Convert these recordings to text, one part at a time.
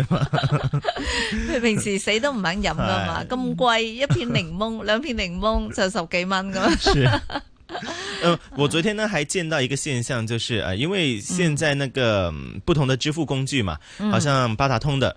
佢 平時死都唔肯飲噶嘛，咁貴一片檸檬，兩 片檸檬就十幾蚊㗎嘛、 啊呃。我昨天呢還見到一個現象，就是因為現在那個不同的支付工具嘛，嗯、好像八達通的。嗯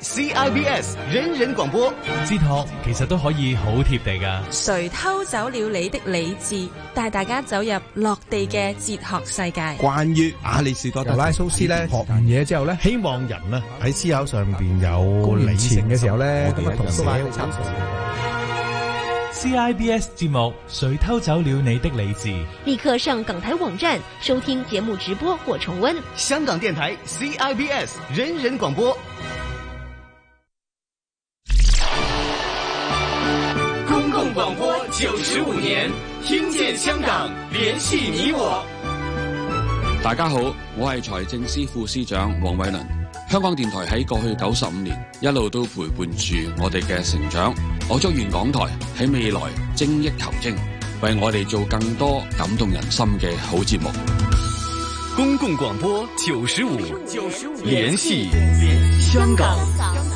C I B S 人人廣播，哲學其實都可以好貼地噶。誰偷走了你的理智？帶大家走入落地嘅哲學世界。嗯、關於亞里士多德拉蘇斯、拉蘇斯咧，學完嘢之後咧，希望人啊喺、嗯、思考上邊有理性嘅時候咧，候呢我同埋。C I B S 節目，誰偷走了你的理智？立刻上港台網站收聽節目直播或重温。香港電台 C I B S 人人廣播。廣播九十五年，聽見香港，聯繫你我。大家好，我係財政司副司長黃偉綸。香港電台喺過去九十五年一路都陪伴住我哋嘅成長，我祝願港台喺未來精益求精，為我哋做更多感動人心嘅好節目。公共廣播九十五，九十五，聯繫香港。香港香港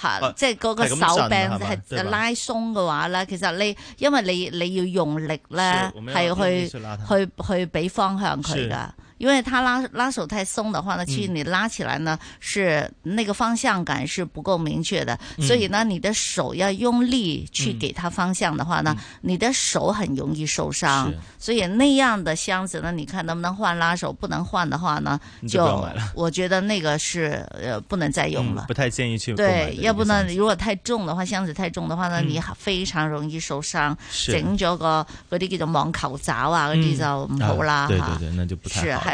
啊、即係嗰個手柄係拉鬆嘅話咧，啊、吧，其實你因為你你要用力咧，係去去去俾方向佢㗎。因為他拉拉手太鬆的話呢，其實你拉起來呢、嗯、是那個方向感是不夠明確的，嗯、所以呢你的手要用力去給他方向的話呢，嗯、你的手很容易受傷。是所以那樣的箱子呢，你看能不能換拉手？不能換的話呢，就，就我覺得那個是呃不能再用了，嗯、不太建議去。對，要不呢？如果太重的話，箱子太重的話呢，你非常容易受傷。是。整咗個嗰啲叫做網球爪啊，嗰啲就唔好啦。對對對，那就不太好。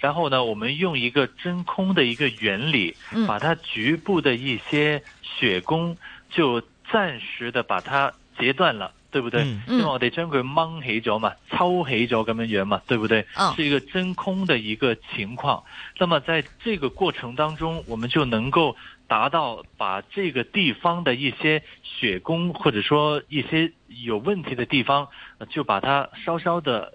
然後呢，我們用一個真空的一個原理，把它局部的一些血供就暫時的把它截斷了，對不對？那、嗯嗯、因為我得將佢掹起咗嘛，抽起咗咁樣樣嘛，對不對？是一個真空的一個情況。哦、那麼在這個過程當中，我們就能夠達到把這個地方的一些血供或者說一些有問題的地方，就把它稍稍的。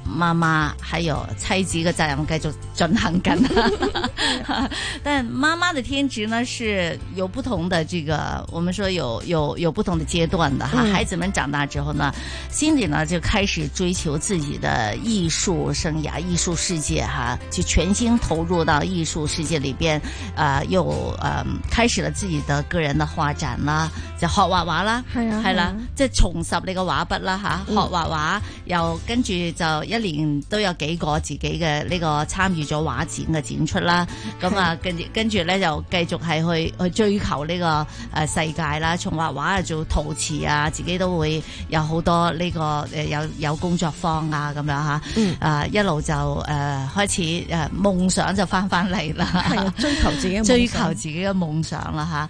媽媽還有妻子嘅責任繼續進行緊。 但媽媽的天職呢是有不同的，這個我們說有有有不同的階段的哈。嗯、孩子們長大之後呢，心裏呢就開始追求自己的藝術生涯、藝術世界哈，就全心投入到藝術世界裏邊，啊、呃、又啊、呃、開始了自己的個人的畫展啦，就學畫畫啦，係啊、哎呀，係啦，即係、哎、呀重拾呢個畫筆啦吓，學畫畫又跟住就一年都有幾個自己嘅呢個參與咗畫展嘅展出啦，咁啊跟住跟住咧就繼續係去去追求呢個誒世界啦，從畫畫啊做陶瓷啊，自己都會有好多呢個誒有有工作坊啊咁樣吓，啊、嗯、啊一路就誒、呃、開始誒啊、夢想就翻翻嚟啦，追求自己嘅夢想追求自己嘅夢想啦吓。啊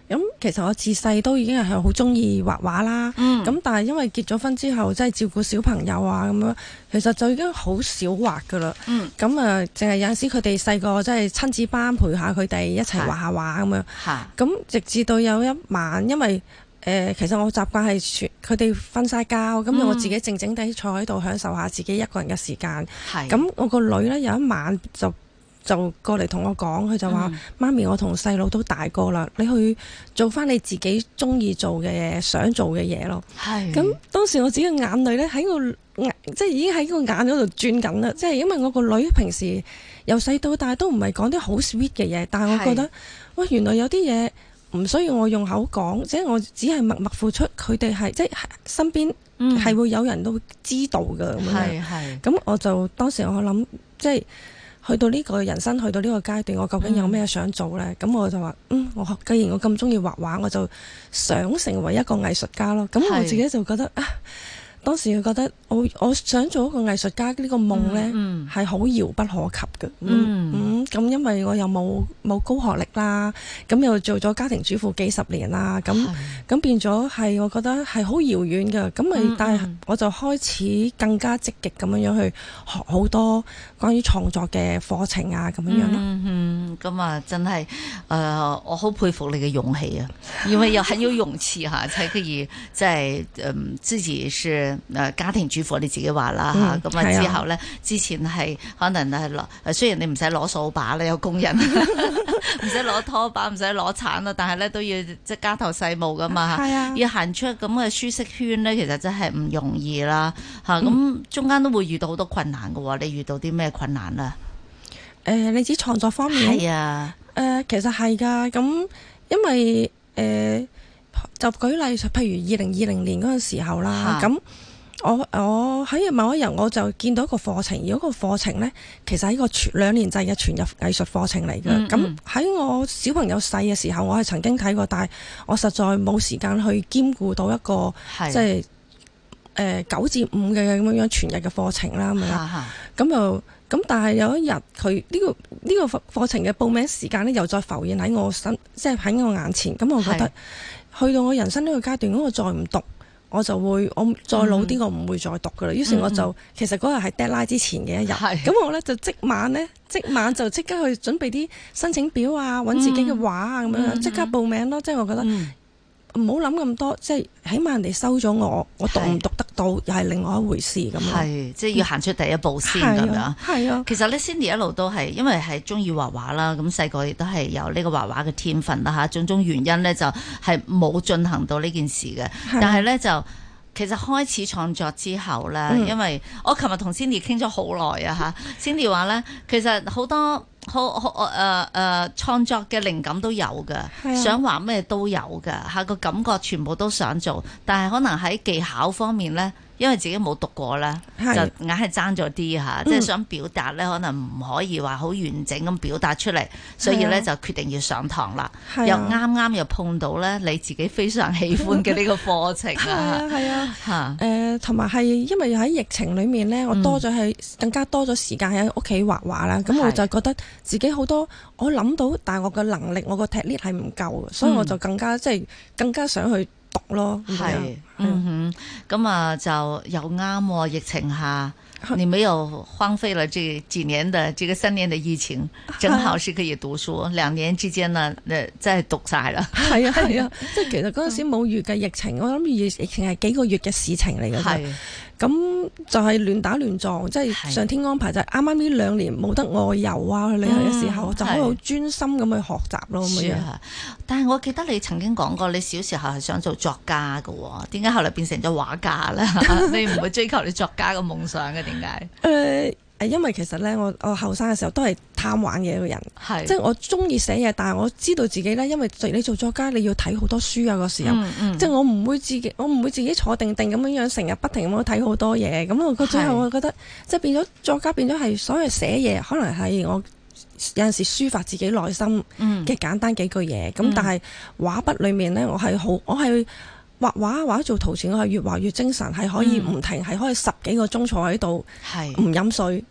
咁、嗯、其實我自細都已經係好中意畫畫啦，咁、嗯、但係因為結咗婚之後，即係照顧小朋友啊咁樣，其實就已經好少畫噶啦。咁啊、嗯嗯，淨係有陣時佢哋細個即係親子班陪下佢哋一齊畫下畫咁是、啊、樣咁是、啊、直至到有一晚，因為誒、呃、其實我習慣係佢哋瞓晒覺，咁我自己靜靜地坐喺度享受下自己一個人嘅時間。咁我個女呢，有一晚就。就過嚟同我講，佢就話：嗯、媽咪，我同細佬都大個啦，你去做翻你自己中意做嘅嘢，想做嘅嘢咯。咁是 當時我自己眼淚咧喺個眼即係已經喺個眼嗰度轉緊啦，即係因為我個女平時由細到大都唔係講啲好 sweet 嘅嘢，但係我覺得，是 喂，原來有啲嘢唔需要我用口講，即係我只係默默付出，佢哋係即係身邊係會有人都知道嘅。咁我就當時我諗即係。去到呢個人生，去到呢個階段，我究竟有咩想做呢？咁、嗯、我就話：嗯，我既然我咁鍾意畫畫，我就想成為一個藝術家咯。咁我自己就覺得啊。當時我覺得我我想做一個藝術家、這個、夢呢個夢呢係好遙不可及嘅。嗯咁、嗯嗯、因為我又冇冇高學歷啦，咁又做咗家庭主婦幾十年啦，咁咁的變咗係我覺得係好遙遠嘅。咁咪、嗯、但係我就開始更加積極咁樣樣去學好多關於創作嘅課程啊，咁樣樣咯。咁啊、嗯嗯、真係誒、呃，我好佩服你嘅勇氣啊！因為又很有勇氣吓， 才可以即係、呃、自己是。誒，家庭主婦你自己話啦吓，咁啊、嗯、之後咧，啊、之前係可能係攞，雖然你唔使攞掃把咧，有工人唔使攞拖把，唔使攞鏟啦，但係咧都要即係家頭細務噶嘛吓，啊、要行出咁嘅舒適圈咧，其實真係唔容易啦吓。咁、嗯、中間都會遇到好多困難噶喎，你遇到啲咩困難啊？誒、呃，你指創作方面係啊？誒、呃，其實係噶，咁因為誒。呃就舉例，譬如二零二零年嗰陣時候啦，咁、啊、我我喺某一日我就見到一個課程，而嗰個課程呢，其實係一個全兩年制嘅全日藝術課程嚟嘅。咁喺、嗯嗯、我小朋友細嘅時候，我係曾經睇過，但係我實在冇時間去兼顧到一個是即係九、呃、至五嘅咁樣全日嘅課程啦。咁樣咁但係有一日佢呢個呢、呢個課程嘅報名時間呢，又再浮現喺我身，即係喺我眼前。咁我覺得。去到我人生呢個階段，如果我再唔讀，我就會我再老啲，嗯嗯我唔會再讀噶啦。於是我就嗯嗯其實嗰日係 deadline 之前嘅一日，咁是的 我咧就即晚咧，即晚就即刻去準備啲申請表啊，揾自己嘅畫啊咁、嗯、樣，即刻報名咯。嗯嗯即係我覺得。嗯唔好諗咁多，即係起碼人哋收咗我，我讀唔讀得到是又係另外一回事咁咯。係是，嗯、即係要行出第一步先，咁樣係係啊。樣啊其實咧，Cindy 一路都係因為係中意畫畫啦，咁細個亦都係有呢個畫畫嘅天分啦，吓。種種原因咧就係冇進行到呢件事嘅，是但係咧就其實開始創作之後咧，嗯、因為我琴日同 Cindy 傾咗好耐啊，吓 Cindy 話咧，其實好多。好好誒誒，創作嘅靈感都有嘅，的想話咩都有嘅，吓，個感覺全部都想做，但係可能喺技巧方面咧。因為自己冇讀過啦，係，就硬係爭咗啲嚇，嗯、即係想表達咧，可能唔可以話好完整咁表達出嚟，啊、所以咧就決定要上堂啦。啊、又啱啱又碰到咧你自己非常喜歡嘅呢個課程啊，啊，係啊，嚇誒、啊，同埋係因為喺疫情裡面咧，嗯、我多咗係更加多咗時間喺屋企畫畫啦，咁、啊、我就覺得自己好多我諗到，但係我嘅能力，我個 technique 係唔夠嘅，所以我就更加、嗯、即係更加想去。讀咯，係是，啊、嗯哼，咁啊、嗯嗯、就又啱喎，疫情下 你冇又荒廢了這幾年的這個三年的疫情，正好是可以讀書，兩 年之間呢，誒真係讀晒啦，係啊係啊，啊 即係其實嗰陣時冇預計疫情， 我諗疫疫情係幾個月嘅事情嚟嘅。咁就係亂打亂撞，即係上天安排就係啱啱呢兩年冇得外遊啊，去旅行嘅時候就可以好專心咁去學習咯。咁樣的，但係我記得你曾經講過，你小時候係想做作家㗎喎，點解後來變成咗畫家咧？ 你唔會追求你作家嘅夢想嘅，點解？ 係因為其實咧，我我後生嘅時候都係貪玩嘢嘅人，是即係我中意寫嘢，但係我知道自己咧，因為你做作家你要睇好多書啊個時候，嗯嗯、即係我唔會自己，我唔會自己坐定定咁樣樣，成日不停咁是樣睇好多嘢，咁啊個最後我覺得即係變咗作家變咗係，所謂寫嘢可能係我有陣時抒發自己內心嘅簡單幾句嘢，咁、嗯嗯、但係畫筆裏面咧，我係好，我係。畫畫或者做陶瓷，我係越畫越精神，係可以唔停，係、嗯、可以十幾個鐘坐喺度，唔飲水。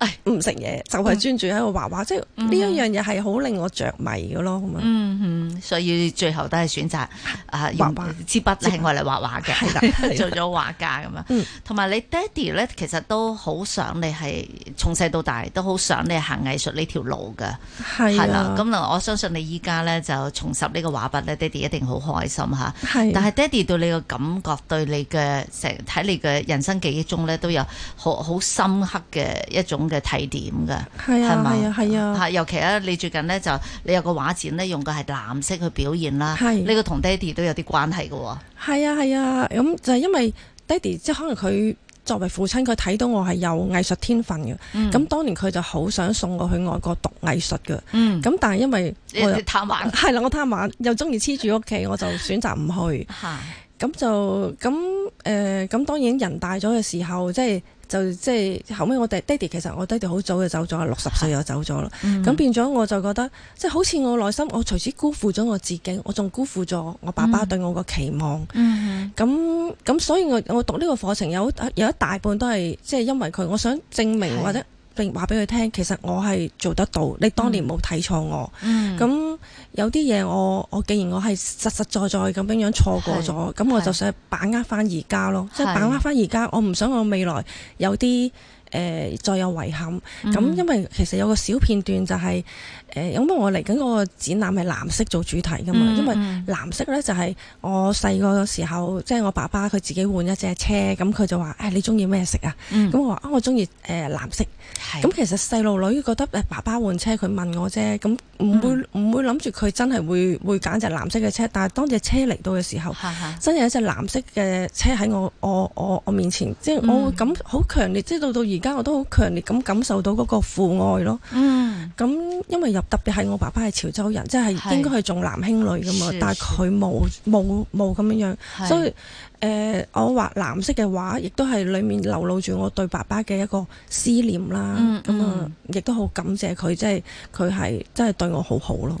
唉，唔食嘢就係專注喺個畫畫，即係呢一樣嘢係好令我着迷嘅咯。咁所以最後都係選擇啊用支筆咧，係為嚟畫畫嘅，做咗畫家咁樣。同埋你爹哋呢，其實都好想你係從細到大都好想你行藝術呢條路㗎。係啦。咁啊，我相信你依家呢，就重拾呢個畫筆咧，爹哋一定好開心嚇。但係爹哋對你嘅感覺，對你嘅成喺你嘅人生記憶中呢，都有好好深刻嘅一種。嘅睇點㗎，係啊，係咪啊，係啊，尤其啊，你最近咧就你有個畫展咧，用嘅係藍色去表現啦，呢個同爹哋都有啲關係嘅喎，係啊係啊，咁、啊、就係因為爹哋即係可能佢作為父親，佢睇到我係有藝術天分嘅，咁、嗯、當年佢就好想送我去外國讀藝術嘅，咁、嗯、但係因為我，我又貪玩，係啦、啊，我貪玩又中意黐住屋企，我就選擇唔去，咁、啊、就咁誒，咁、呃、當然人大咗嘅時候即係。就即係後尾我爹爹哋，其實我爹哋好早就走咗，六十歲就走咗啦。咁、 嗯、變咗我就覺得，即係好似我內心，我隨時辜負咗我自己，我仲辜負咗我爸爸對我個期望。咁咁、嗯，所以我我讀呢個課程有有一大半都係即係因為佢，我想證明或者。話俾佢聽，其實我係做得到，你當年冇睇錯我。咁、嗯、有啲嘢我我既然我係實實在在咁樣樣錯過咗，咁是我就想把握翻而家咯，即係是把握翻而家。我唔想我未來有啲誒、呃、再有遺憾。咁因為其實有個小片段就係、是。誒咁、呃，我嚟緊個個展覽係藍色做主題噶嘛，嗯嗯因為藍色咧就係、是、我細個時時候，即、就、係、是、我爸爸佢自己換一隻車，咁佢就話：誒、哎、你中意咩色啊？咁、嗯嗯、我話：啊我中意誒藍色。咁的、嗯、其實細路女覺得爸爸換車，佢問我啫，咁唔會唔、嗯、會諗住佢真係會會揀隻藍色嘅車？但係當隻車嚟到嘅時候，的真係有一隻藍色嘅車喺我我我我面前，即、就、係、是、我會感好、嗯、強烈，即、就、係、是、到到而家我都好強烈咁感受到嗰個父愛咯。咁、嗯、因為有。特別係我爸爸係潮州人，即係應該係重男輕女㗎嘛。但係佢冇冇冇咁樣樣，是所以誒、呃，我畫藍色嘅畫，亦都係裡面，流露住我對爸爸嘅一個思念啦，咁啊、嗯，亦都好感謝佢，即係佢係真係對我好好咯。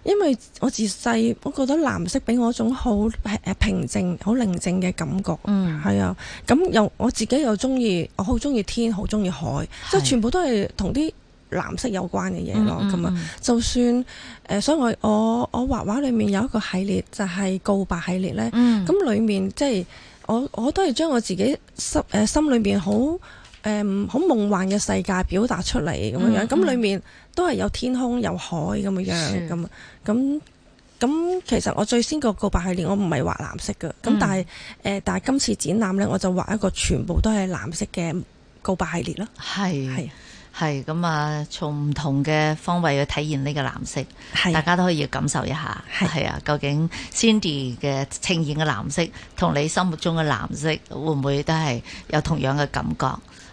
因為我自細，我覺得藍色俾我一種好誒平靜、好寧靜嘅感覺，係、嗯、啊。咁又我自己又中意，我好中意天，好中意海，即係、是、全部都係同啲藍色有關嘅嘢咯。咁啊、嗯嗯嗯，就算誒，所以我我我畫畫裏面有一個系列就係、是、告白系列咧，咁裏、嗯、面即係、就是、我我都係將我自己心誒心裏面好。誒，好夢、嗯、幻嘅世界表達出嚟咁樣樣，咁、嗯嗯、裏面都係有天空、有海咁樣是樣，咁咁咁。其實我最先告我、嗯呃、我個告白系列，我唔係畫藍色嘅，咁但係誒，但係今次展覽呢，我就畫一個全部都係藍色嘅告白系列咯。係係係咁啊，從唔是同嘅方位去體現呢個藍色，是大家都可以感受一下係係是是啊。究竟 Cindy 嘅呈現嘅藍色，同你心目中嘅藍色會唔會都係有同樣嘅感覺？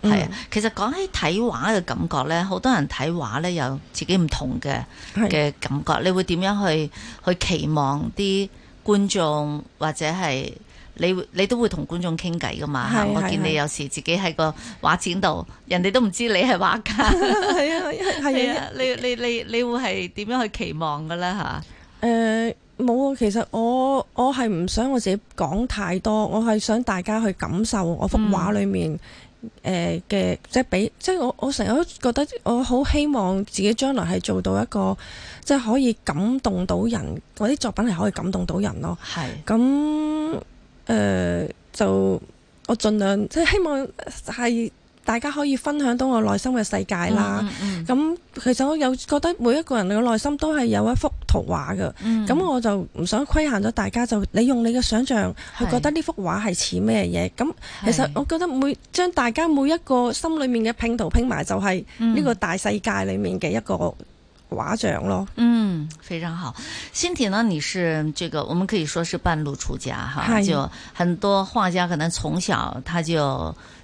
係啊、嗯，其實講起睇畫嘅感覺咧，好多人睇畫咧有自己唔同嘅嘅感覺。是你會點樣去去期望啲觀眾或者係你？你都會同觀眾傾偈噶嘛嗎我見你有時自己喺個畫展度，是人哋都唔知你係畫家。係啊，係啊是，你你你你會係點樣去期望噶呢吓誒，冇啊。其實我我係唔想我自己講太多，我係想大家去感受我幅畫裏面。嗯誒嘅、呃、即係俾即係我我成日都覺得我好希望自己將來係做到一個即係可以感動到人，我啲作品係可以感動到人咯。係咁誒是、呃，就我盡量即係希望係。是大家可以分享到我內心嘅世界啦。咁、嗯嗯嗯、其實我有覺得每一個人嘅內心都係有一幅圖畫噶。咁、嗯、我就唔想規限咗大家就，你用你嘅想象去覺得呢幅畫係似咩嘢。咁是其實我覺得每將大家每一個心裏面嘅拼圖拼埋就係、是、呢個大世界裏面嘅一個畫像咯。嗯，非常好。欣田呢，你是這個，我們可以說是半路出家哈是，就很多畫家可能從小他就。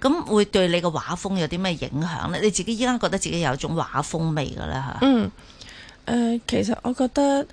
咁會對你個畫風有啲咩影響呢？你自己依家覺得自己有種畫風味噶啦，吓？嗯，誒、呃，其實我覺得，誒、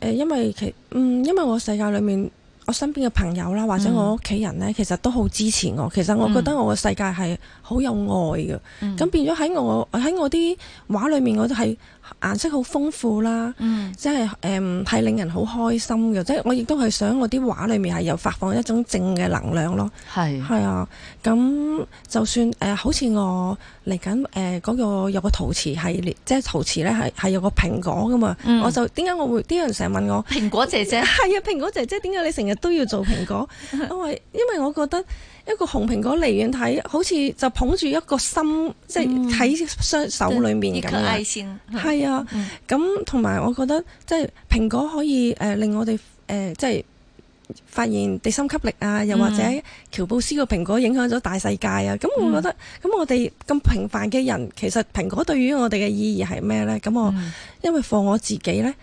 呃，因為其，嗯，因為我世界裏面，我身邊嘅朋友啦，或者我屋企人呢，嗯、其實都好支持我。其實我覺得我嘅世界係好有愛嘅。咁、嗯、變咗喺我喺我啲畫裏面，我都係。顏色好豐富啦、嗯嗯，即係誒係令人好開心嘅，即係我亦都係想我啲畫裏面係有發放一種正嘅能量咯。係係是啊，咁就算誒、呃，好似我嚟緊誒嗰個有個陶瓷系列，即係陶瓷咧係係有個蘋果㗎嘛，嗯、我就點解我會啲人成日問我蘋果姐姐？係啊，蘋果姐姐點解你成日都要做蘋果？因為 因為我覺得。一個紅蘋果離遠睇，好似就捧住一個心，嗯、即係喺雙手裏面咁對樣。係啊，咁同埋我覺得，即係蘋果可以、呃、令我哋、呃、即係發現地心吸力啊，嗯、又或者喬布斯個蘋果影響咗大世界啊。咁我覺得咁，嗯、我哋咁平凡嘅人，其實蘋果對於我哋嘅意義係咩呢？咁我、嗯、因為放我自己呢。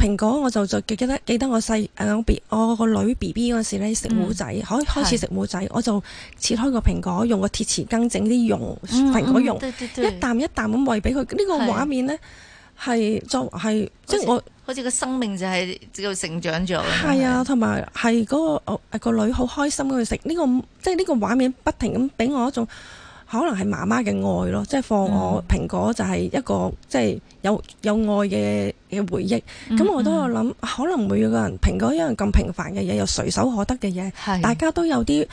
蘋果我就就記得記得我細誒我別個女 B B 嗰時咧食糊仔，可、嗯、開始食糊仔，是我就切開個蘋果，用個鐵匙羹整啲融蘋果蓉，嗯嗯、對對對，一啖一啖咁餵俾佢。呢、這個畫面咧係作係即係我，好似像個我生命就係喺度成長咗。㗎係啊，同埋係嗰個女好開心咁去食。呢、這個即係呢個畫面不停咁俾我一種。可能係媽媽嘅愛咯，即係放我、嗯、蘋果就係一個即係、就是、有有愛嘅嘅回憶。咁、嗯、哼我都有諗，可能每個人蘋果一樣咁平凡嘅嘢，又隨手可得嘅嘢，是大家都有啲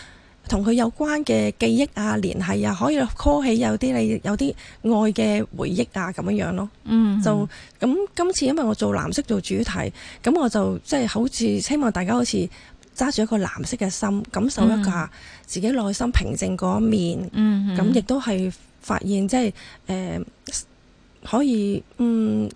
同佢有關嘅記憶啊、聯繫啊，可以 call 起有啲你有啲愛嘅回憶啊咁樣樣咯。嗯哼，就咁今次因為我做藍色做主題，咁我就即係、就是、好似希望大家好似。揸住一個藍色嘅心，感受一下自己內心平靜嗰一面，咁亦都係發現即係、呃、可以嗯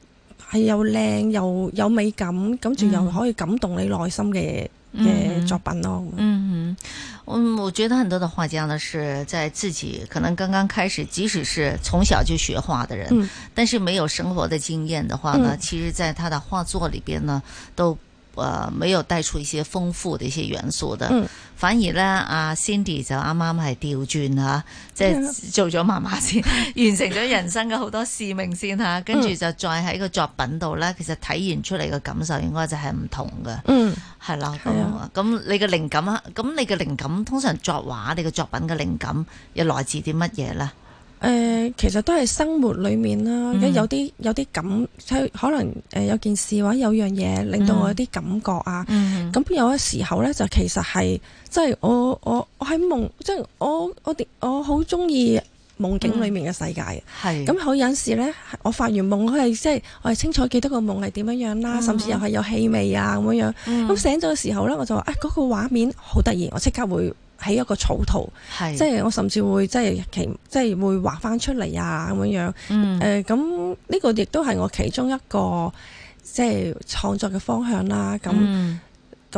係又靚又有美感，跟住又可以感動你內心嘅嘅、mm hmm. 作品咯。嗯、mm hmm. 我覺得很多的畫家呢，是在自己可能剛剛開始，即使是從小就學畫的人，mm hmm. 但是沒有生活的經驗的話呢，mm hmm. 其實在他的畫作裡邊呢，都。誒，沒有帶出一些豐富的一些元素的。嗯、反而呢，阿 Cindy 就啱啱係調轉吓，即係、嗯、做咗媽媽先，嗯、完成咗人生嘅好多使命先吓，跟住、嗯、就再喺個作品度呢，其實體現出嚟嘅感受應該就係唔同嘅。係啦、嗯，咁咁、嗯、你嘅靈感啊，咁你嘅靈感通常作畫你嘅作品嘅靈感又來自啲乜嘢呢？誒、呃，其實都係生活裏面啦，嗯、有啲有啲感，可能誒有件事或者有樣嘢令到我有啲感覺啊，咁、嗯、有嘅時候咧就其實係即係我我我喺夢，即、就、係、是、我我我好中意夢境裏面嘅世界咁好、嗯、有時咧我發完夢，我係即係我係清楚記得個夢係點樣樣、啊、啦，甚至又係有氣味啊咁、嗯、樣，咁醒咗嘅時候咧、哎那個，我就話啊嗰個畫面好突然，我即刻會。喺一個草圖，啊、即係我甚至會即係其即係會畫翻出嚟啊咁樣樣，誒咁呢個亦都係我其中一個即係創作嘅方向啦。咁咁、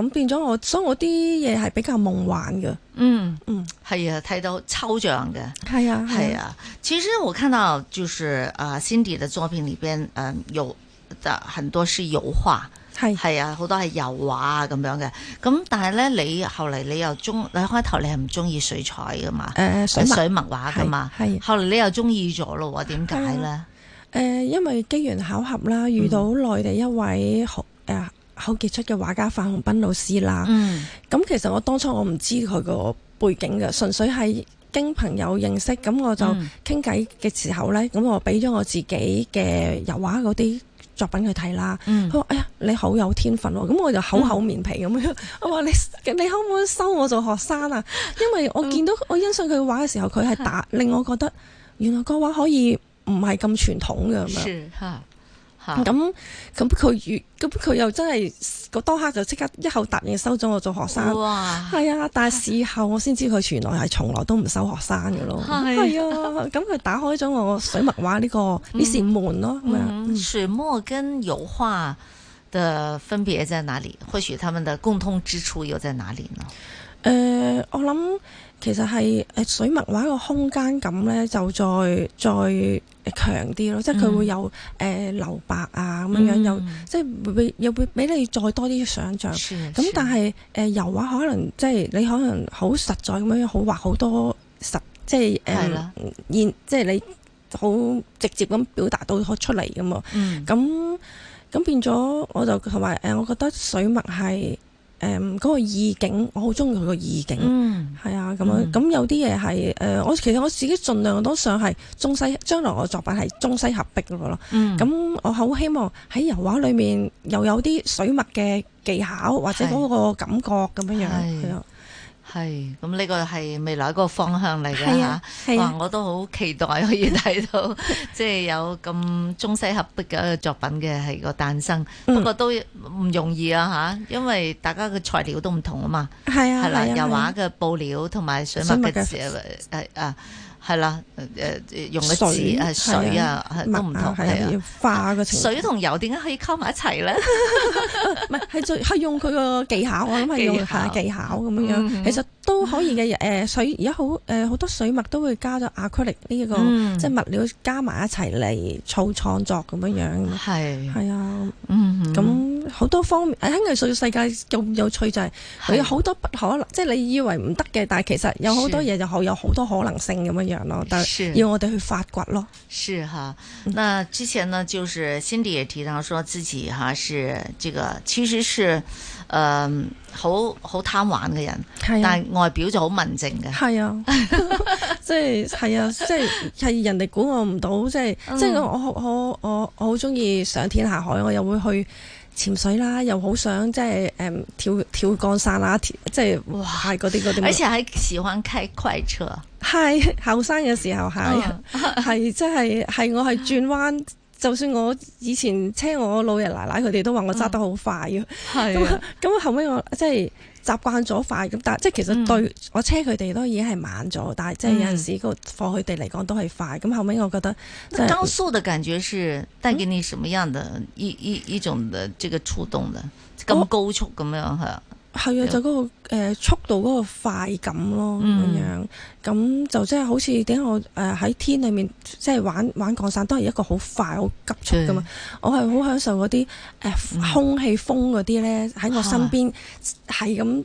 嗯、變咗我，所以我啲嘢係比較夢幻嘅。嗯嗯、係、嗯、啊，睇到抽象嘅，係啊係啊。啊啊其實我看到就是啊 Cindy 嘅作品裏邊、呃，有的很多是油畫。係係是啊，好多係油畫啊咁樣嘅，咁但係咧，你後嚟你又中，你開頭你係唔中意水彩噶嘛？誒、呃，水水墨畫噶嘛？係後嚟你又中意咗咯？點解咧？誒、呃呃，因為機緣巧合啦，遇到內地一位好誒、呃、好傑出嘅畫家范紅斌老師啦。嗯。咁其實我當初我唔知佢個背景嘅，純粹係經朋友認識，咁我就傾偈嘅時候咧，咁、嗯、我俾咗我自己嘅油畫嗰啲。作品去睇啦，佢話、嗯、哎呀你好有天分喎，咁我就厚厚面皮咁樣，我話、嗯、你你可唔可以收我做學生啊？因為我見到我欣賞佢嘅畫嘅時候，佢係打、嗯、令我覺得原來個畫可以唔係咁傳統嘅。是咁咁佢越咁佢又真係個當刻就即刻一口答應收咗我做學生，係哇啊！但係事後我先知佢原來係從來都唔收學生嘅咯。係、哎、啊！咁佢 打開咗我水墨畫呢、這個呢扇、嗯、門咯。嗯嗯、水墨跟油畫的分別在哪裏？或許他們的共通之處又在哪裏呢？誒、呃，我諗其實係誒水墨畫個空間感咧，就再再。強啲咯，即係佢會有誒留、嗯呃、白啊咁樣樣，嗯、又即係會又會俾你再多啲想像。咁但係誒、呃、油畫可能即係你可能好實在咁樣好畫好多實即係誒、嗯、的現即係你好直接咁表達到佢出嚟㗎嘛。咁咁、嗯、變咗我就同埋我覺得水墨係。誒嗰、嗯，那個意境，我好中意佢個意境，係、嗯、啊咁樣。咁有啲嘢係誒，我其實我自己盡量都想係中西，將來我作品係中西合璧嘅咯。咁、嗯、我好希望喺油畫裏面又有啲水墨嘅技巧或者嗰個感覺咁是樣是啊。係，咁呢個係未來一個方向嚟嘅吓。哇！我都好期待可以睇到，即係 有咁中西合璧嘅一個作品嘅係個誕生。嗯、不過都唔容易啊吓，因為大家嘅材料都唔同啊嘛。係啊，係啦、啊，油畫嘅布料同埋水墨嘅字啊，誒啊。係啦，誒用嘅字，水，水啊，係都唔同，係啊，要化個程水同油點解可以溝埋一齊咧？唔 係， 最係用佢個技巧，技巧啊！咁係用下技巧咁樣、嗯、哼其實都可以嘅，誒、呃、水而家好，誒、呃、好多水墨都會加咗 acrylic 呢個、嗯、即係物料加埋一齊嚟做創作咁樣樣。係係、嗯、啊，嗯，咁好、嗯、多方面，喺藝術世界咁有趣就係佢有好多不可能，即係你以為唔得嘅，但係其實有好多嘢就好，有好多可能性咁樣樣咯。是但係要我哋去發掘咯。是哈，那之前呢，就是 Cindy 也提到說自己哈是這個，其實是。誒，好好貪玩嘅人，啊、但係外表就好文靜嘅。係啊，即係係啊，即係係人哋估我唔到，即係即係我我我我好中意上天下海，我又會去潛水啦，又好想即係誒跳跳降傘啦，即係哇嗰啲嗰啲。而且還喜歡開快車，係後生嘅時候係，係即係係我係轉彎。就算我以前車我老爺奶奶佢哋都話我揸得好快嘅，咁咁啊後尾我即係習慣咗快咁，但即係其實對、嗯、我車佢哋都已經係慢咗，但係即係有陣時個貨佢哋嚟講都係快，咁後尾我覺得。高速嘅感覺是帶給你什麼樣的、嗯、一一一種的這個觸動呢？咁高速咁樣嚇？係啊，就嗰、是那個誒、呃、速度嗰個快感咯，咁、嗯、樣咁就即係好似點解我誒喺天裏面即係玩玩降落傘都係一個好快好急速噶嘛，的我係好享受嗰啲誒空氣風嗰啲咧喺我身邊係咁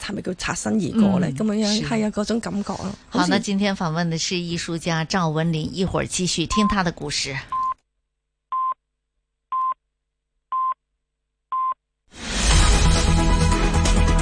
係咪叫擦身而過咧咁樣樣，係啊嗰種感覺咯。好，好，那今天訪問的是藝術家趙文玲，一會兒繼續聽他的故事。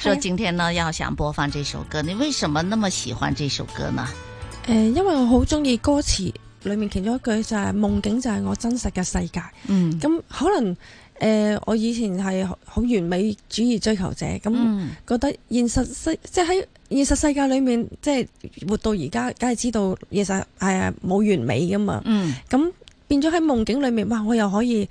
所以今天呢要想播放這首歌，你為什麼那麼喜歡這首歌呢？誒、呃，因為我好中意歌詞裏面其中一句就係、是、夢境就係我真實嘅世界。嗯，咁、嗯、可能誒、呃、我以前係好完美主義追求者，咁、嗯嗯、覺得現實世即係喺現實世界裏面，即係活到而家，梗係知道現實係冇完美噶嘛。嗯，咁、嗯、變咗喺夢境裏面，哇我又可以。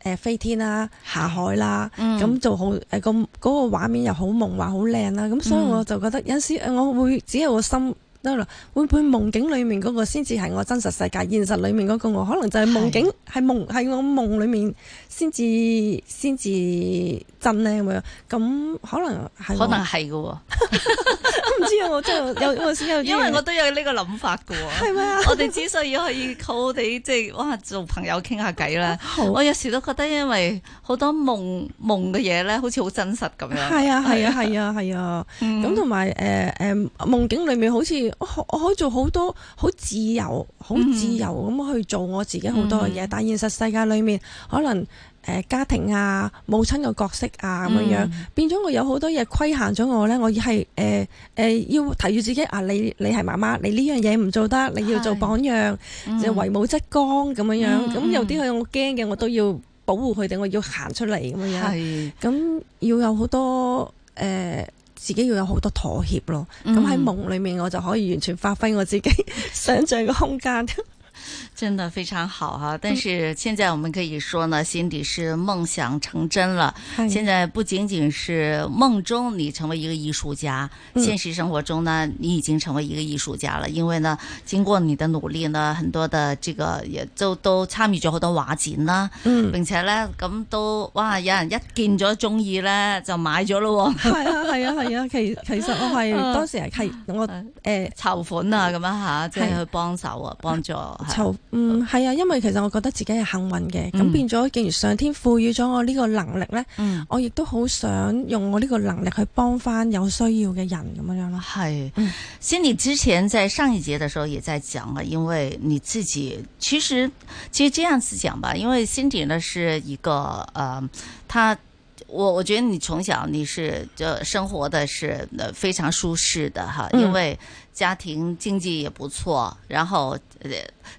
誒、呃、飛天啦，下海啦，咁、嗯、做好個嗰、呃嗰個畫面又好夢幻好靚啦，咁所以我就覺得有時我會只有個心得啦，嗯、會唔會夢境裏面嗰個先至係我真實世界，現實裏面嗰個我可能就係夢境，係夢係我夢裏面先至先至。真咧，咁樣，咁可能係，可能係嘅喎，唔 知啊，我真係有， 有因為我都有呢個諗法嘅，係咪啊？我哋之所以可以好好即係，哇、就是，做朋友傾下偈啦。 好我有時都覺得，因為好多夢夢嘅嘢咧，好似好真實咁樣。係啊，係啊，係啊，係啊。咁同埋誒誒夢境裏面好似我可以做好多好自由、好自由咁去做我自己好多嘅嘢，嗯、但現實世界裏面可能。誒，家庭啊，母親嘅角色啊，咁樣、嗯、變咗我有好多嘢規限咗我咧，我係誒誒要提住自己啊，你你係媽媽，你呢樣嘢唔做得，你要做榜樣，嗯、就為母則剛咁樣樣。咁、嗯嗯、有啲係我驚嘅，我都要保護佢哋，我要行出嚟咁樣。係是，咁要有好多誒、呃，自己要有好多妥協咯。咁喺夢裏面，我就可以完全發揮我自己想象嘅空間。真的非常好哈！但是現在我們可以說呢，心底是夢想成真了。是現在不僅僅是夢中你成為一個藝術家，嗯、現實生活中呢，你已經成為一個藝術家了。因為呢，經過你的努力呢，很多的這個也都都參與咗好多畫展啦。嗯，並且呢，咁都哇，有人一見咗中意呢就買咗咯。係、嗯、 啊，係啊，係啊。其其實我係、嗯、當時係係我誒籌款啊，咁樣吓，即係去幫手啊，是幫助。是幫助。嗯，係啊，因為其實我覺得自己係幸運嘅，咁、嗯、變咗既然上天賦予咗我呢個能力咧，嗯、我亦都好想用我呢個能力去幫翻有需要嘅人咁樣樣咯。係是，心迪、嗯、之前在上一節的時候也在講啊，因為你自己其實其實這樣子講吧，因為心迪呢是一個，呃，他我我覺得你從小你是就生活的是非常舒適的哈，嗯、因為。家庭經濟也不錯，然後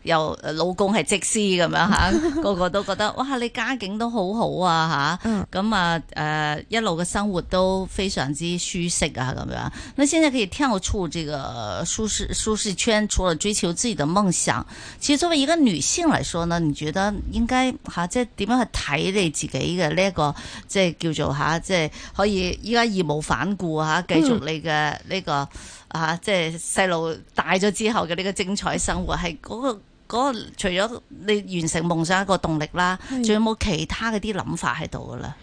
又老公係職師咁樣吓， 個個都覺得哇，你家境都好好啊吓，咁 啊誒、呃、一路嘅生活都非常之舒適啊咁樣。那現在可以跳出這個舒適舒適圈，除了追求自己的夢想，其實作為一個女性嚟說呢，你覺得應該吓、啊、即係點樣去睇你自己嘅呢、呢個即係叫做吓、啊，即係可以依家義無反顧吓、啊，繼續你嘅呢、呢個。 啊！即係細路大咗之後嘅呢個精彩生活，係嗰個嗰個除咗你完成夢想一個動力啦，仲的有冇其他嗰啲諗法喺度噶啦？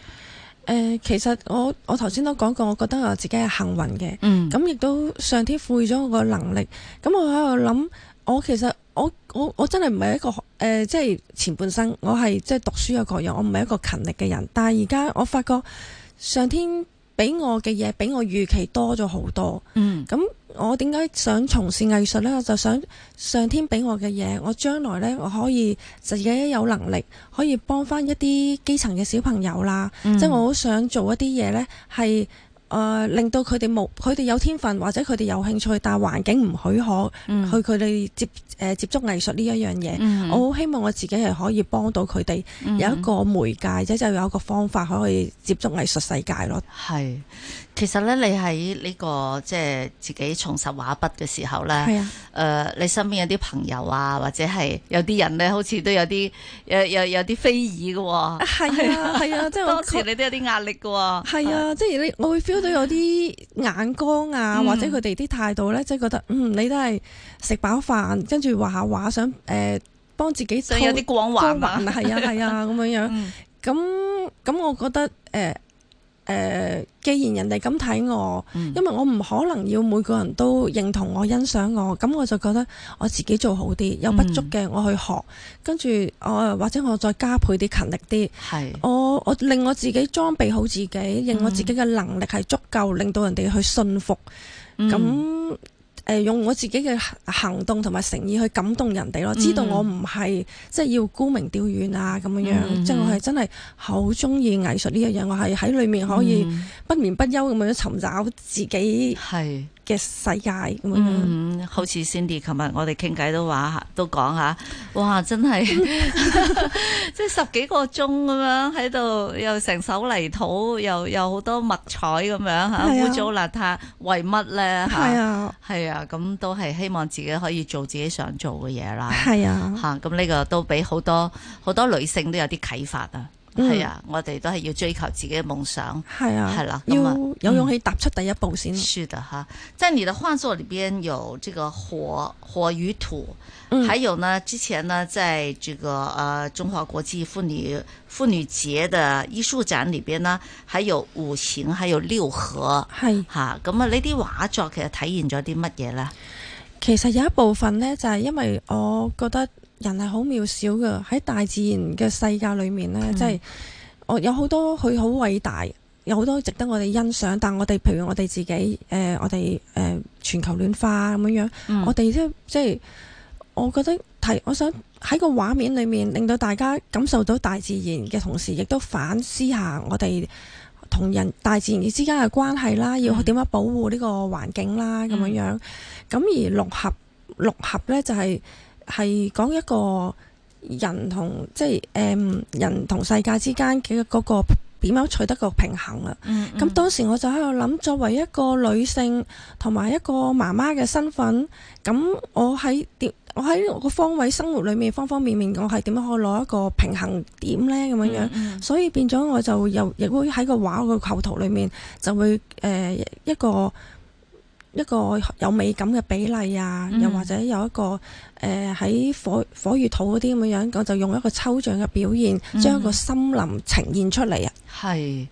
誒、呃，其實我我頭先都講過，我覺得我自己係幸運嘅。嗯。咁亦都上天賦予咗我個能力。咁我喺度諗，我其實我我我真係唔係一個誒、呃，即係前半生我係即係讀書嘅各樣，我唔係一個勤力嘅人。但係而家我發覺上天俾我嘅嘢，比我預期多咗好多。嗯，咁我點解想從事藝術呢？我就想上天俾我嘅嘢，我將來呢，我可以自己有能力，可以幫翻一啲基層嘅小朋友啦。即係、嗯、我好想做一啲嘢呢，係。誒、呃，令到佢哋冇，佢哋有天分或者佢哋有興趣，但係環境唔許可，嗯、去佢哋接誒、呃、接觸藝術呢一樣嘢。嗯、我好希望我自己係可以幫到佢哋有一個媒介，即係、嗯、有一個方法可以接觸藝術世界咯。係。其實咧、這個，你喺呢個即係自己重拾畫筆嘅時候咧，誒、啊呃，你身邊有啲朋友啊，或者係有啲人咧，好似都有啲有有有啲非議嘅喎。係啊係啊，即係、啊啊、當時你都有啲壓力嘅。係啊，即係你我會 feel 到有啲眼光啊，嗯、或者佢哋啲態度咧，即、就、係、是、覺得嗯，你都係食飽飯，跟住畫下畫，想誒幫自己套有啲光環、啊，係啊係啊咁樣樣。咁咁、嗯，那那我覺得誒。欸誒、呃，既然人哋咁睇我，嗯、因為我唔可能要每個人都認同我、欣賞我，咁我就覺得我自己做好啲，有不足嘅我去學，跟住我或者我再加倍啲勤力啲，是我我令我自己裝備好自己，令我自己嘅能力係足夠，令到人哋去信服，咁。嗯誒用我自己嘅行動同埋誠意去感動人哋咯，嗯、哼知道我唔係、嗯、哼即係要沽名釣譽啊咁樣，即係我係真係好中意藝術呢一樣，我係喺裏面可以不眠不休咁樣尋找自己。係、嗯哼。嘅世界，嗯，好似 Cindy 琴日我哋傾偈都話，都講下，哇，真係，即係 十幾個鐘咁樣喺度，又成手泥土，又又好多墨彩咁樣吓，污糟邋遢，為乜咧吓？係是啊，啊，係啊，咁都係希望自己可以做自己想做嘅嘢啦。係是啊，啊，吓，咁呢個都俾好多好多女性都有啲啟發啊。係啊，我哋都係要追求自己嘅夢想。係啊，係啦、啊，要有勇氣踏出第一步先、嗯。是的吓，在你的畫作裏邊有這個火、火與土，嗯、還有呢，之前呢，在這個呃中華國際婦女婦女節的藝術展裏邊呢還有五行，還有六合，係吓是。咁啊，呢啲畫作其實體現咗啲乜嘢呢？其實有一部分呢就係、是、因為我覺得。人係好渺小嘅，喺大自然嘅世界裏面呢，即係我有好多佢好偉大，有好多值得我哋欣賞。但我哋，譬如我哋自己，誒、呃、我哋誒、呃、全球暖化咁樣，嗯、我哋即即係我覺得，提我想喺個畫面裏面，令到大家感受到大自然嘅同時，亦都反思下我哋同人大自然之間嘅關係啦，嗯、要去點樣保護呢個環境啦，咁樣、嗯、樣。咁而六合六合呢就係、是。係講一個人同即係誒、嗯、人同世界之間嘅嗰個點樣取得個平衡啦、啊。咁、嗯嗯、當時我就喺度諗，作為一個女性同埋一個媽媽嘅身份，咁我喺點？我喺我個方位生活裏面，方方面面，我係點樣可以攞一個平衡點呢？咁樣樣，嗯嗯所以變咗我就又亦會喺個畫個構圖裏面，就會誒、呃、一個。一個有美感嘅比例啊，嗯、又或者有一個誒喺、呃、火火與土嗰啲咁嘅樣，我就用一個抽象嘅表現，將一個森林呈現出嚟啊。係。嗯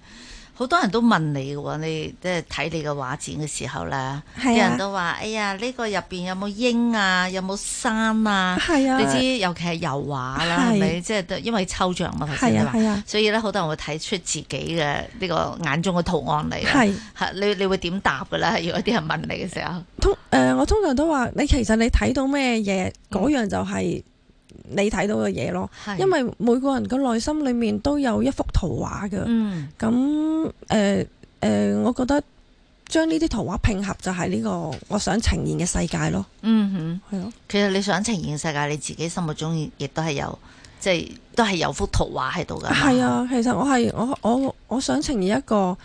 好多人都問你喎，你即係睇你個畫展嘅時候咧，啲人都話：哎呀，呢個入邊有冇鷹啊？有冇山啊？係啊，你知尤其係油畫啦，你即係因為抽象嘛，係啊係啊，啊所以咧好多人都會睇出自己嘅呢個眼中嘅圖案嚟。係啊，你你會點答㗎啦？如果啲人問你嘅時候，通誒、呃，我通常都話：你其實你睇到咩嘢，嗰樣就係。你睇到嘅嘢咯，因為每個人嘅內心裏面都有一幅圖畫嘅，咁誒誒，我覺得將呢啲圖畫拼合就係呢個我想呈現嘅世界咯。嗯哼，係咯。其實你想呈現世界，你自己心目中亦都係有，即係都係有幅圖畫喺度噶。係啊，其實我係我我我想呈現一個。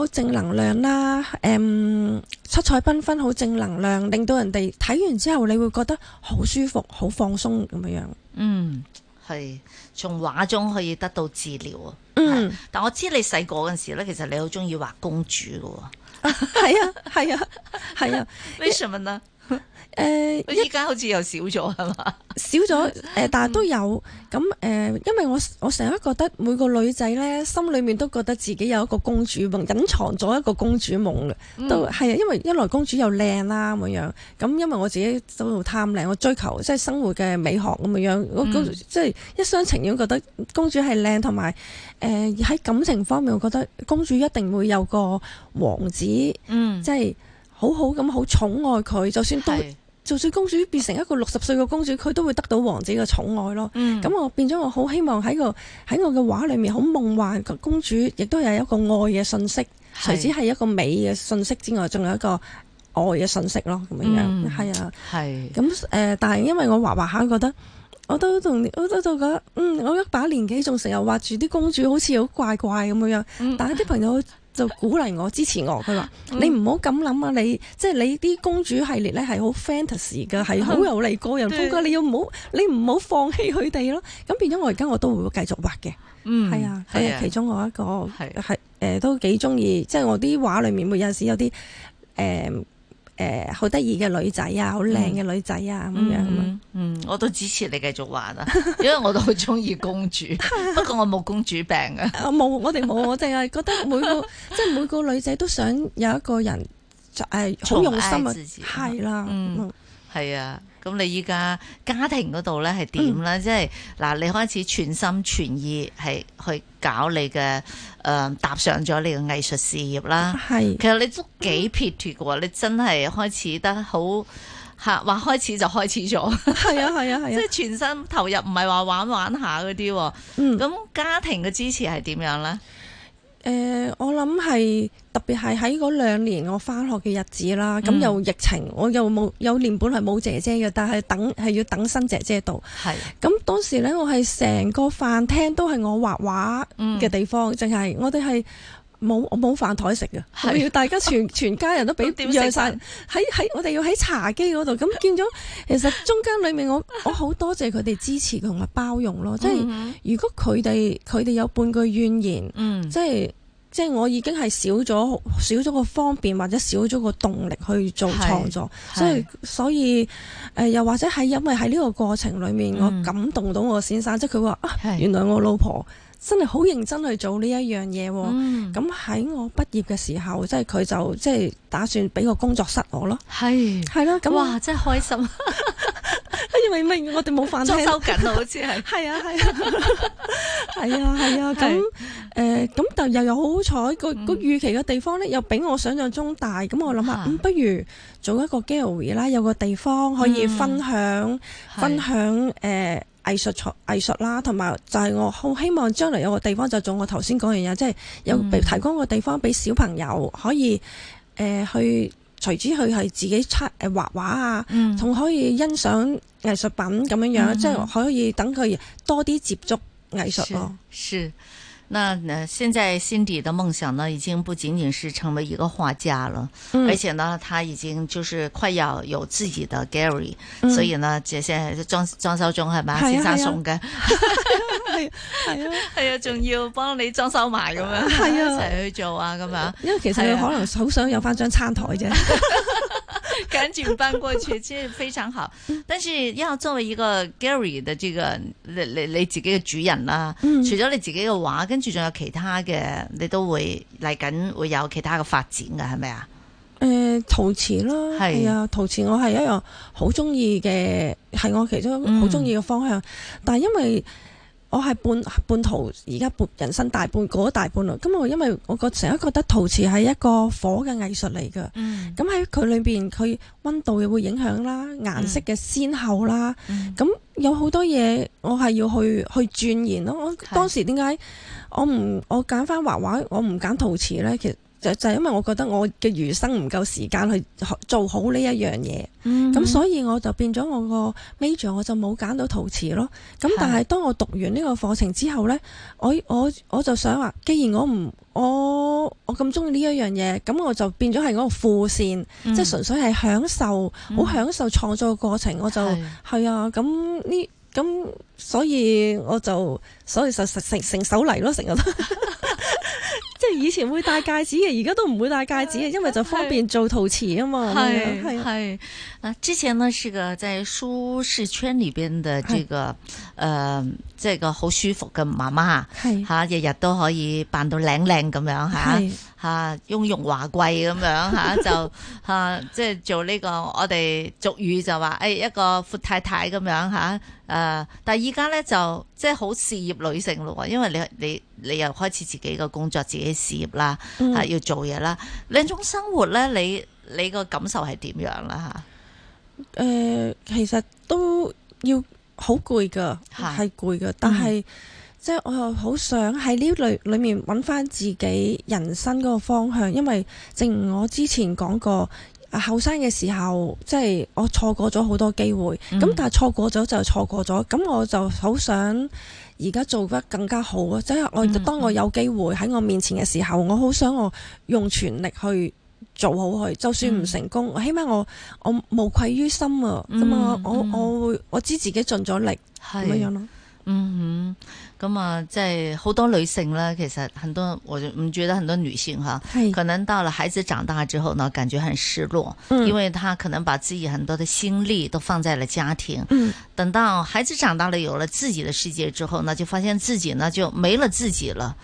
好正能量啦，嗯，七彩繽紛，好正能量，令到人哋睇完之後你會覺得好舒服、好放鬆咁樣樣。嗯，係從畫中可以得到治療啊。嗯，但我知你細個嗰陣時咧，其實你好中意畫公主嘅喎。係 啊，係啊，係啊，啊為什麼呢？誒，依家、呃、好似又少咗係咪？一少咗誒，呃、 但係都有咁誒、呃，因為我我成日覺得每個女仔咧，心裏面都覺得自己有一個公主夢，隱藏咗一個公主夢嘅，嗯、都係啊，因為一來公主又靚啦咁樣，咁因為我自己都貪靚，我追求即係、就是、生活嘅美學咁樣，嗯、我公即係一廂情願覺得公主係靚，同埋誒喺感情方面，我覺得公主一定會有個王子，嗯，即係、就是。好好咁好寵愛佢，就算都，是就算公主變成一個六十歲嘅公主，佢都會得到王子嘅寵愛咯。咁、嗯、我變咗我好希望喺個喺我嘅畫裏面好夢幻公主，亦都有一個愛嘅信息，是除咗係一個美嘅信息之外，仲有一個愛嘅信息咯。咁、嗯、樣樣係啊，係是。咁誒、呃，但係因為我畫畫下覺得，我都同我都就覺得，嗯，我一把年紀仲成日畫住啲公主，好似好怪怪咁樣樣。但係啲朋友。嗯 就鼓勵我支持我，佢話、嗯、你唔好咁諗啊！你即係、就是、你啲公主系列咧係好 fantasy 嘅，係好、嗯、有利個人風格，對 你要唔好你唔好放棄佢哋咯。咁變咗我而家我都會繼續畫嘅。嗯，係啊，係啊，啊啊其中我一個係誒、啊呃、都幾中意，即、就、係、是、我啲畫裏面會有時有啲誒。呃誒，好得意嘅女仔啊，好靚嘅女仔啊，咁、嗯、樣，嗯，吧我都支持你繼續玩啊， 因為我都好中意公主， 不過我冇公主病啊，冇、 啊嗯，我哋冇，我淨係覺得每個， 即係每個女仔都想有一個人，就、欸、好用心啊，係啦，嗯，係啊。咁你依家家庭嗰度咧係點咧？即係嗱，你開始全心全意係去搞你嘅搭、呃、踏上咗你嘅藝術事業啦。是其實你都幾撇脱喎，你真係開始得好嚇，話開始就開始咗。係 啊，係啊，係啊，即係全身投入，唔係話玩玩下嗰啲。嗯。咁家庭嘅支持係點樣咧？誒、呃，我諗係特別係喺嗰兩年我返學嘅日子啦，咁又、嗯、疫情，我又冇有，有年本係冇姐姐嘅，但係等係要等新姐姐到，係咁是當時呢，我係成個飯廳都係我畫畫嘅地方，淨係、嗯、我哋係。冇冇飯台食嘅，係要大家全全家人都俾樣晒，喺喺我哋要喺茶几嗰度。咁見咗，其實中間裏面我我好多謝佢哋支持同埋包容咯。即係如果佢哋佢哋有半句怨言，即係即係我已經係少咗少咗個方便或者少咗個動力去做創作。所以所以誒，又或者係因為喺呢個過程裏面，我感動到我先生，即係佢話啊，原來我老婆。真係好認真去做呢一樣嘢喎，咁喺我畢業嘅時候，即係佢就即係打算俾個工作室我咯，係係啦，咁哇真係開心，因為咩？我哋冇裝修緊，好似係係啊係啊，係啊係啊咁誒，咁但又又好彩，個個預期嘅地方咧又比我想象中大，咁我諗下，咁不如做一個 gallery 啦，有個地方可以分享分享誒。藝術藝術啦，同埋就係我好希望將來有個地方就做我頭先講嘅嘢，即、就、係、是、有提供個地方俾小朋友可以誒去，隨、嗯呃、之去係自己出誒畫畫啊，同、嗯、可以欣賞藝術品咁樣樣，即係、嗯、可以等佢多啲接觸藝術咯。是。那那現在心底的夢想呢，已經不僅僅是成為一個畫家了，而且呢，他已經就是快要有自己的 gallery，所以呢，這些裝裝修中係嘛，先生送嘅，係啊，仲要幫你裝修埋咁樣，係啊，一齊去做啊，咁啊，因為其實佢可能好想有翻張餐台啫。趕緊 搬過去，即係非常好。但是要作為一個 Gallery 的這個你你你自己嘅主人啦，嗯、除咗你自己嘅畫，跟住仲有其他嘅，你都會嚟緊會有其他嘅發展嘅，係咪啊？誒、陶瓷啦，係是啊，陶瓷我係一樣好中意嘅，係我其中好中意嘅方向。嗯、但係因為，我係半半途而家半人生大半過咗大半啦。咁我因為我個成日覺得陶瓷係一個火嘅藝術嚟㗎。咁喺佢裏面，佢溫度又會影響啦，顏色嘅先後啦。咁、嗯、有好多嘢，我係要去去鑽研咯。我當時點解我唔我揀翻畫畫，我唔揀陶瓷呢？其實。就就因為我覺得我嘅餘生唔夠時間去做好呢一樣嘢，咁、嗯、哼所以我就變咗我個 major 我就冇揀到陶瓷咯。咁但係當我讀完呢個課程之後呢，我我我就想話，既然我唔我我咁中意呢一樣嘢，咁我就變咗係嗰個副線，嗯、即係純粹係享受，好享受創作嘅過程，我就係、嗯、啊咁呢咁，所以我就所以就成成，成手嚟咯，成日都。 即係以前會戴戒指嘅，而家都唔會戴戒指嘅，因為就方便做陶瓷啊嘛。係係係。之前呢是個在舒適圈裏邊的這個，誒是，即係、呃這個好舒服嘅媽媽，吓日日都可以扮到靚靚咁樣吓，吓、啊、雍是、啊、容華貴咁樣吓，就吓即係做呢、這個我哋俗語就話誒、哎、一個闊太太咁樣吓，誒、啊啊，但係而家呢，就即係好事業女性咯，因為你你你又開始自己嘅工作，自己事業啦、啊，要做嘢啦，兩、嗯、種生活呢，你你個感受係點樣啦吓？啊誒、呃，其實都要好攰噶，係攰噶。但係、嗯、即係我又好想喺呢類裏面揾翻自己人生嗰個方向，因為正如我之前講過，後生嘅時候即係我錯過咗好多機會，咁、嗯、但係錯過咗就錯過咗。咁我就好想而家做得更加好啊！即係我、嗯、當我有機會喺我面前嘅時候，我好想我用全力去。做好佢，就算唔成功，起碼、嗯、我我無愧於心啊！咁啊、嗯，我我會我知自己盡咗力咁是樣咯。嗯哼，咁、嗯、啊，即係好多女性啦，其實很多，很多我就唔覺得很多女性哈，可能到了孩子長大之後呢，感覺很失落，因為她可能把自己很多的心力都放在了家庭，嗯、等到孩子長大了有了自己的世界之後，呢就發現自己呢就沒了自己了，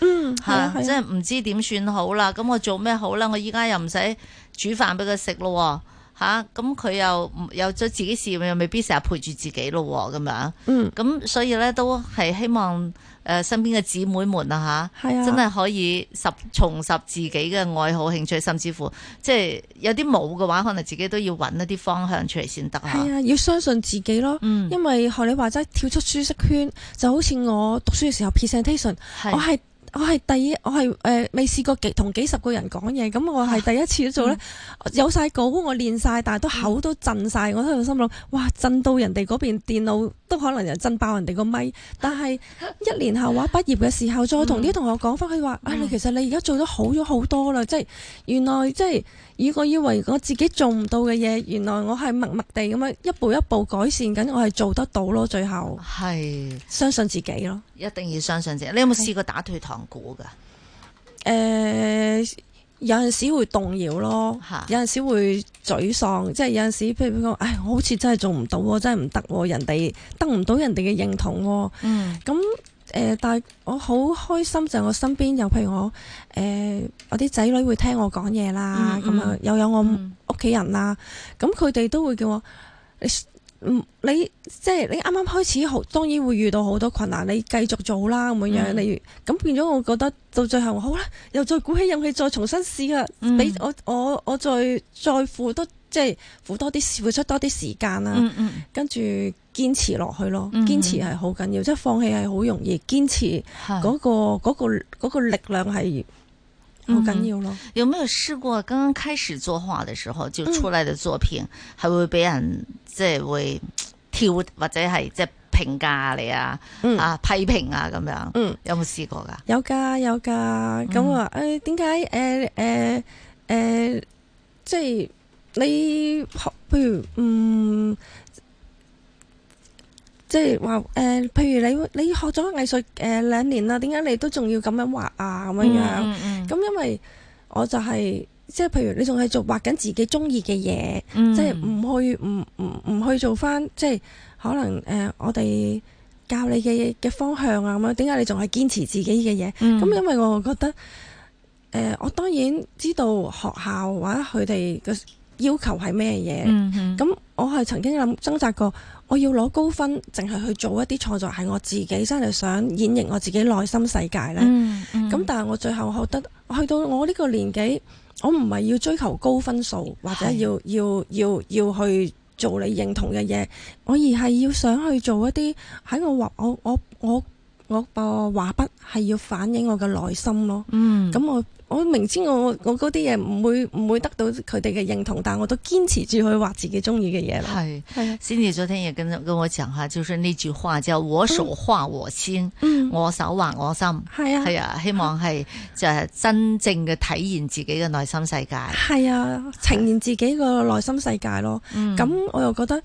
吓即係唔知點算好啦，咁的我做咩好啦？我依家又唔使煮飯俾佢食咯。吓，咁佢又有咗自己事業，又未必成日陪住自己咯，咁樣。嗯，咁所以咧都係希望誒身邊嘅姊妹們啊吓，真係可以重拾自己嘅愛好興趣，甚至乎即係有啲冇嘅話，可能自己都要揾一啲方向出嚟先得啊。係啊，要相信自己咯。嗯，因為學你話齋，跳出舒適圈，就好似我讀書嘅時候 presentation，是我係。我係第一，我係誒未試過幾同幾十個人講嘢，咁我係第一次做呢，嗯、有晒稿，我練晒，但係都口都震晒。我喺度心諗，哇震到人哋嗰邊電腦都可能人震爆人哋個咪。但係一年後話畢業嘅時候再同啲同學講返，佢話啊，其實你而家做得好咗好多啦，即係原來即係。如果以，以為我自己做唔到嘅嘢，原來我係默默地咁樣一步一步改善緊，我係做得到咯。最後係是相信自己咯，一定要相信自己。你有冇試過打退堂鼓噶？誒、呃，有陣時會動搖咯，有陣時會沮喪。即係有陣時，譬如譬如講，唉，我好似真係做唔到，真係唔得，人哋得唔到人哋嘅認同喎。嗯，咁、嗯。誒、呃，但係我好開心就係我身邊有譬如我誒、呃、我啲仔女會聽我講嘢啦，咁啊、嗯嗯、又有我屋企人啦，咁佢哋都會叫我，你、你即係你啱啱開始好，當然會遇到好多困難，你繼續做啦咁樣，嗯、你咁變咗我覺得到最後好啦，又再鼓起勇氣再重新試啊，你、嗯，我我我再再付多即係付多啲付出多啲時間啦、嗯，嗯嗯，跟住。堅持落去咯，堅持係好緊要，嗯、哼即係放棄係好容易，堅持嗰、嗰個是、嗰個、嗰個力量係好緊要咯。嗯、有冇有試過？剛剛開始作畫嘅時候，就出嚟嘅作品係會俾人即係、嗯、會跳或者係即係評價你啊、嗯、啊批評啊咁樣？嗯、有冇試過噶？有噶有噶，咁、嗯、啊？誒，點、哎、解？誒誒誒，即係你學譬如嗯。即係話誒，譬如你你學咗藝術誒兩年啦，點解你都仲要咁樣畫啊？咁、mm hmm. 樣樣咁，因為我就係即係，譬如你仲係做畫緊自己中意嘅嘢，即係唔去唔唔唔去做翻即係可能誒、呃，我哋教你嘅嘅方向啊，咁樣點解你仲係堅持自己嘅嘢？咁、mm hmm. 因為我覺得誒、呃，我當然知道學校或者佢哋嘅要求係咩嘢，咁、mm hmm. 我係曾經諗掙扎過。我要攞高分，淨係去做一啲創作，係我自己真係想演繹我自己內心世界呢咁、嗯嗯、但係我最後覺得，去到我呢個年紀，我唔係要追求高分數，或者要的要要要去做你認同嘅嘢，我而係要想去做一啲喺我畫我我我。我我我我畫筆係要反映我嘅內心咯，嗯，咁我我明知我我嗰啲嘢唔會唔會得到佢哋嘅認同，但係我都堅持住去畫自己中意嘅嘢咯。係，係。Cindy 昨跟跟我講下，就算，是、呢句話叫我所畫我心，嗯嗯、我手畫我心，我手畫我心。係啊，係啊，嗯、希望係就係真正嘅體現自己嘅內心世界。係啊，呈現自己嘅內心世界咯。咁、嗯、我又覺得誒。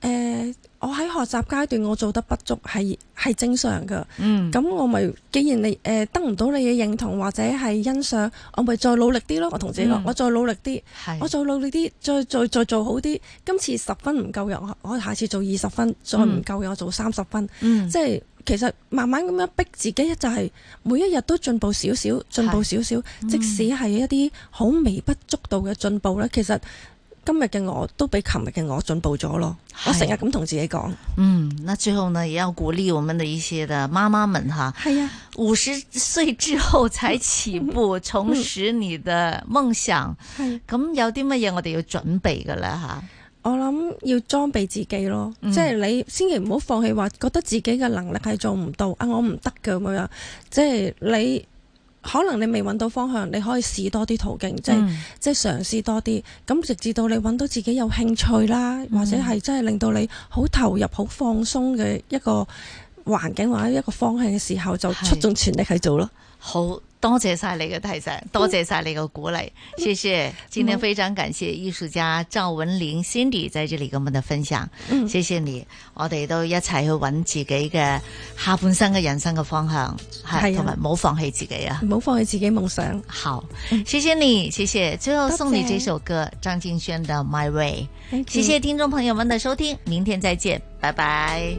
呃我喺學習階段，我做得不足係係正常㗎。咁、嗯、我咪既然你誒、呃、得唔到你嘅認同或者係欣賞，我咪再努力啲咯。我同自己講，嗯、我再努力啲，是的 我再努力啲，再再再做好啲。今次十分唔夠嘅，我我下次做二十分，嗯、再唔夠嘅我做三十分。嗯、即係其實慢慢咁樣逼自己，就係、是、每一日都進步少少，進步少少，是的 嗯、即使係一啲好微不足道嘅進步咧，其實。今日嘅我都比琴日嘅我進步咗咯，啊、我成日咁同自己講。嗯，那最後呢，也要鼓勵我們的一些的媽媽們哈。係啊，五十歲之後才起步，重拾你的夢想。咁、嗯嗯、有啲乜嘢我哋要準備㗎喇？吓，我諗要裝備自己咯，嗯、即係你千祈唔好放棄，話覺得自己嘅能力係做唔到啊，我唔得嘅咁樣，即係你。可能你未揾到方向，你可以試多啲途徑，嗯、即係即係嘗試多啲，咁直至到你揾到自己有興趣啦，或者係真係令到你好投入、好放鬆嘅一個環境或者一個方向嘅時候，就出盡全力去做咯。好。多謝晒你嘅提醒，多謝晒你嘅鼓勵，嗯、謝謝。今天非常感謝藝術家趙文玲 Cindy 在這裏跟我們的分享。嗯、謝謝你，我哋都一齊去揾自己嘅下半生嘅人生嘅方向，係同埋唔好放棄自己啊，唔好放棄自己夢想。好，謝謝你，謝謝。最後送你這首歌，多謝，張敬軒的《My Way》。謝謝。謝謝聽眾朋友們的收聽，明天再見，拜拜。